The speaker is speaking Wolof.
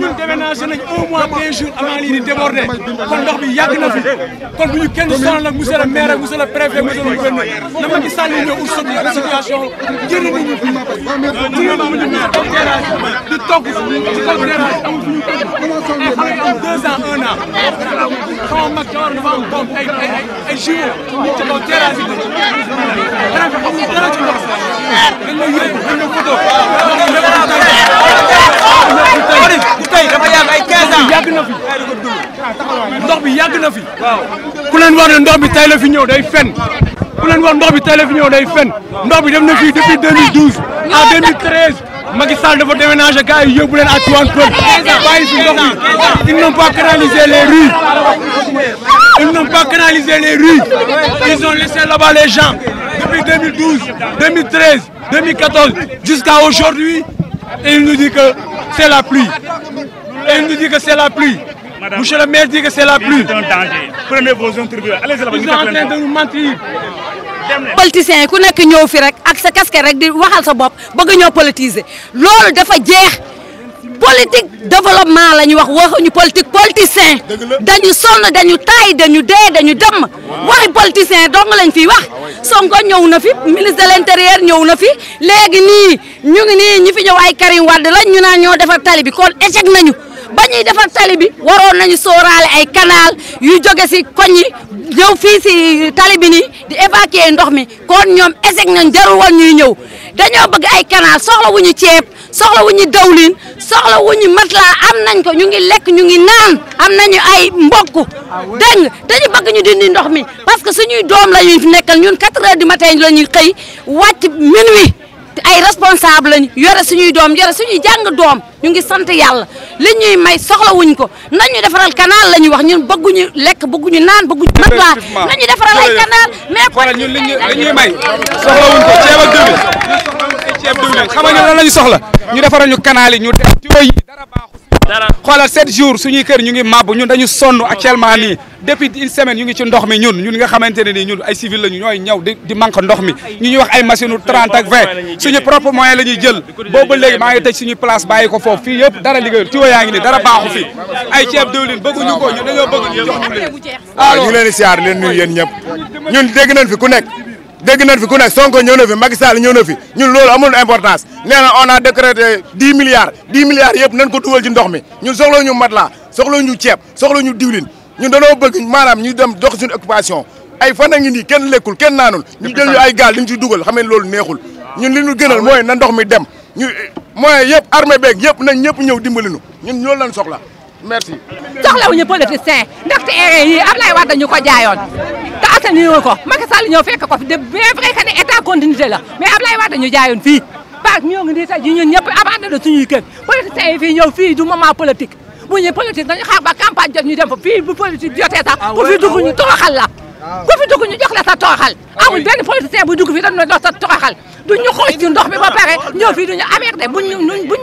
ñun déménagé nañ un mois quinze jours avant lii di déborder kon ndox bi yàgg na fi kon bu ñu kenn sonal nag monsieur le maire ak monsieur na Macky Sall ñëw ut sot la situation jënd nañu fi jënd nañu maire toog terrasse di togg ci kaw terrasse amul fu ñu togg ay xale am deux ans un an ku leen wax ne ndox bi tey la fi ñëw day fen ku leen wax ndox bi tey la fi ñëw day fen ndox bi def na fii depuis 2012 à 2013 Macky Sall dafa déménager gars yi yóbbu leen à Tivaouane Peulh bàyyi fi ndox bi ils n'ont pas canalisé les rues ils n'ont pas canalisé les rues ils ont laissé là-bas les gens depuis 2012 2013 2014 jusqu'à aujourd'hui et il nous dit que c'est la pluie et il nous dit que c'est la pluie Madame, Monsieur le maire dit que c'est la pluie. C'est un danger. Prenez vos interviews. Allez-y là-bas. Ils sont en train de nous mentir. politicien yi ku nekk ñëw fi rek ak sa casquette rek di waxal sa bopp bëgg ñoo politiser loolu dafa jeex politique développement la ñu wax waxuñu politique politicien dañu sonn dañu taay dañu dee dañu dem waxi politicien dong lañ fi wax ah, Sonko ñëw na fi ministre l'intérieur ñëw na fi léegi nii ñu ngi nii ñi fi ñëw ay Karim Wade lañ ñu naan ñoo defa tali bi kon échec nañu ba ñuy defar tali bi waroon nañu sóoraale ay canal yuy jóge si koñ yi ñëw fii si tali bi nii di évacuer ndox mi kon ñoom échec nañ jarul woon ñuy ñëw dañoo bëgg ay canal soxla wu ñu ceeb soxla wu ñu dawlin soxla wu ñu matla am nañ ko ñu ngi lekk ñu ngi naan am nañu ay mbokk dégg nga dañu bëgg ñu dindi ndox mi parce que suñuy doom la ñuy nekkal ñun quatre heures du matin la ñuy xëy wàcc minuit te ay responsable lañu yore suñuy doom yore suñuy jàng doom ñu ngi sant yàlla li ñuy may wuñ ko nañu defaral canal la ñuy wax ñun bëgguñu lekk bëgguñu naan bëgguñu mat laa nañu defaral ay canal mais xoolal ñun li ñuy may soxlawuñ ko ceeb ak diwlin ceeb diwlin xam nga lan la ñu soxla ñu defaral ñu canal yi ñu def tuyaux yi dara baaxu xoolal sept jours suñuy kër ñu ngi màbb ñun dañu sonn actuellement nii depuis une semaine ñu ngi ci ndox mi ñun ñun nga xamante ne nii ñun ay civil lañu ñooy ñëw di di ndox mi ñu ñuy wax ay machine u 30 ak 20 suñu propre moyen la jël boobu léegi maa ngi tëj suñu place bàyyi ko foofu fii yëpp dara liggéeyul tuyau yaa ngi ni dara baaxu fi ay ceeb diwlin bëgguñu ko ñu dañoo bëgg ñu jox ñu leen waaw ah, ñu leen fi ku nekk dégg nañ fi ku Sonko ñëw na fi Macky Sall ñëw na fi ñun loolu amul importance nee na on a décrété dix milliards dix milliards yëpp nañ ko dugal ci ndox mi ñun soxla ñu matelas soxla ñu ceeb soxla ñun diwlin ñun dañoo bëgg maanaam ñu dem dox suñu occupation ay fan a ngi nii kenn lekkul kenn naanul ñu jël ñu ay gaal li ñu ci dugal xam loolu neexul ñun li ñu gënal ah mooy na ndox mi dem ñu mooy yëpp armée beeg yëpp nañ ñëpp ñëw dimbalinu ñun ñoo lañ soxla merci soxlawuñu politicien ndaxte erreur yi Ablaye Wade ñu ko jaayoon atténué ko Macky Sall ñëw fekk ko fi de bien vrai que ne état continuité la mais Ablaye Wade ñu jaayoon fii parce que ñoo ngi nii tey jii ñun ñëpp abandonné suñuy kër politiciens yi fii ñëw fii du moment politique bu ñuy politique fii bu politique jotee sax ah ah ah. ku fi dugg ñu fii dañu la jox sa toroxal duñ ñu xooj fii duñu avertir buñ ñu buñ